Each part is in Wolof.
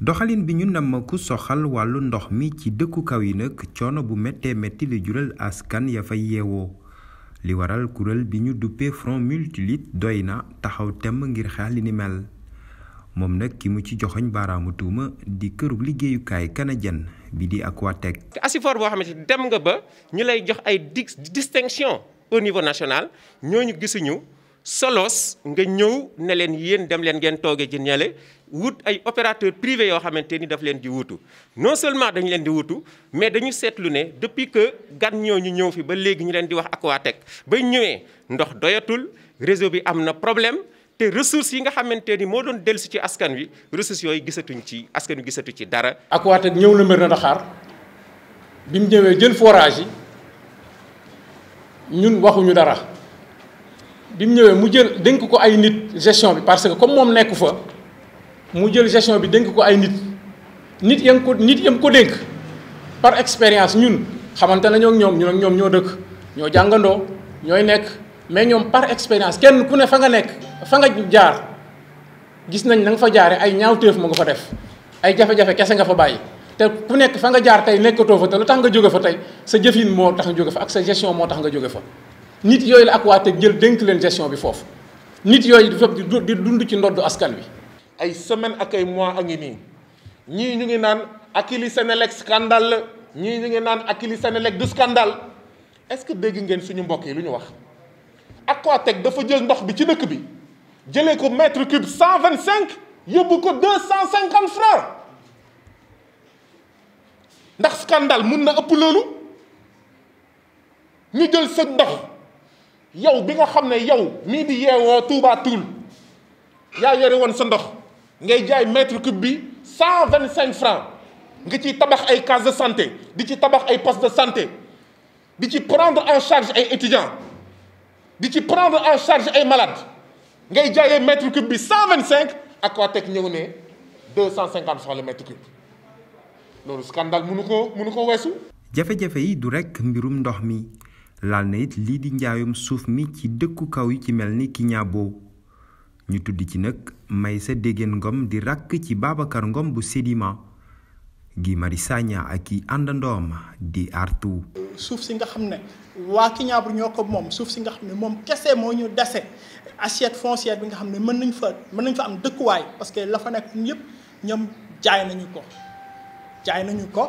doxalin bi ñu nam ku soxal wàllu ndox mi ci dëkku kaw yi nag coono bu méttee métti li jural askan ya fay yeewoo li waral kuréel bi ñu duppee front lit doy na taxaw temm ngir xeex li ni mel moom nag ki mu ci joxoñ baaraamu tuuma di këru liggéeyukaay canadien bi di Aquatech. te asifor boo xam xamante dem nga ba ñu lay jox ay distinction au niveau national ñooñu gisuñu. solos nga ñëw ne leen yéen dem leen ngeen toogee ji ñale wut ay opérateur privé yoo xamante ni daf leen di wutu non seulement dañu leen di wutu mais dañu seetlu ne depuis que gan ñoo ñu ñëw fi ba léegi ñu leen di wax Aquatech ba ñëwee ndox doyatul réseau bi am na problème te ressources yi nga xamante ni moo doon dellusi ci askan wi ressources yooyu gisatuñ ci askan wi gisatu ci dara Aquatech ñëw na Mérina Dakhar bi mu ñëwee jël forage yi ñun waxuñu dara bi mu ñëwee mu jël dénk ko ay nit gestion bi parce que comme moom nekku fa mu jël gestion bi dénk ko ay nit nit yam ko nit yam ko dénk par expérience ñun xamante nañoo ak ñoom ñoom ñoo dëkk ñoo jàngandoo ñooy nekk mais ñoom par expérience kenn ku ne fa nga nekk fa nga jaar gis nañ na nga fa jaare ay ñaawteef mu nga fa def ay jafe-jafe kese nga fa bàyyi te ku nekk fa nga jaar tey nekkatoo fa te lu tax nga jóge fa tey sa jëfin moo tax nga jóge fa ak sa gestion moo tax nga jóge fa nit yooyu la Aquatech jël dénk leen gestion bi foofu nit yooyu di fekk di dund ci ndoddu askan wi. ay semaine ak ay mois a ngi nii ñii ñu ngi naan Akilee Senelec scandale la ñii ñu ngi naan Akilee Senelec du scandale est-ce que dégg ngeen suñu mbokk yi lu ñu wax. Aquatech dafa jël ndox bi ci dëkk bi jëlee ko mètre cube cent vingt cinq yóbbu ko deux cent cinquante francs ndax scandale mun na ëpp loolu ñu jël sa ndox yow bi nga xam a yow mii di Touba Toul ya yore won sa ndox ngay jaay mètre cube bi francs nga ci tabax ay case de santé di ci tabax ay poste de santé di ci prendre en charge ay étudiants di ci prendre en charge ay malades ngay mètre cube bi francs le mètre cube Non, scandale mënu ko mënu ko wessu jafé jafé yi du laal na it lii di njaayum suuf mi ci dëkku kaw yi ci mel ni Kignabo ñu tudd ci nag Maysa Dégéen ngoom di rakk ci Babacar ngoom bu Sedima gi Mari Sagna ak i àndandoom di artu suuf si nga xam ne waa Kignabo ñoo ko moom suuf si nga xam ne moom kese moo ñu dese assiette foncière bi nga xam ne mën nañ fa mën nañ fa am dëkkuwaay parce que la fa nekk ñëpp ñoom jaay nañu ko jaay nañu ko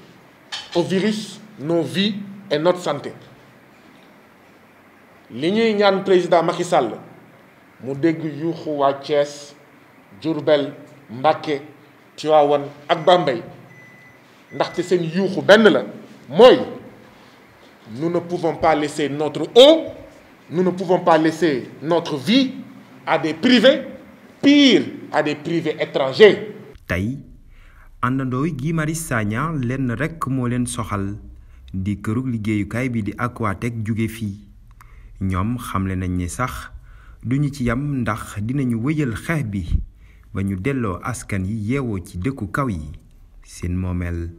au virus nos vies et notre santé li ñuy ñaan président Macky Sall mu dégg yuuxu waa Thiès Diourbel Mbacké moy nous ne pouvons pas laisser notre eau nous ne pouvons pas laisser notre vie à des privés pire à des privés étrangers àndandoo yi Guy Marius lenn rekk moo leen soxal di këru liggéeyukaay bi di Aquatech jóge fii ñoom xamle nañ ni sax duñu ci yam ndax dinañu wëjal xeex bi ba ñu delloo askan yi yeewoo ci dëkku kaw yi seen moomeel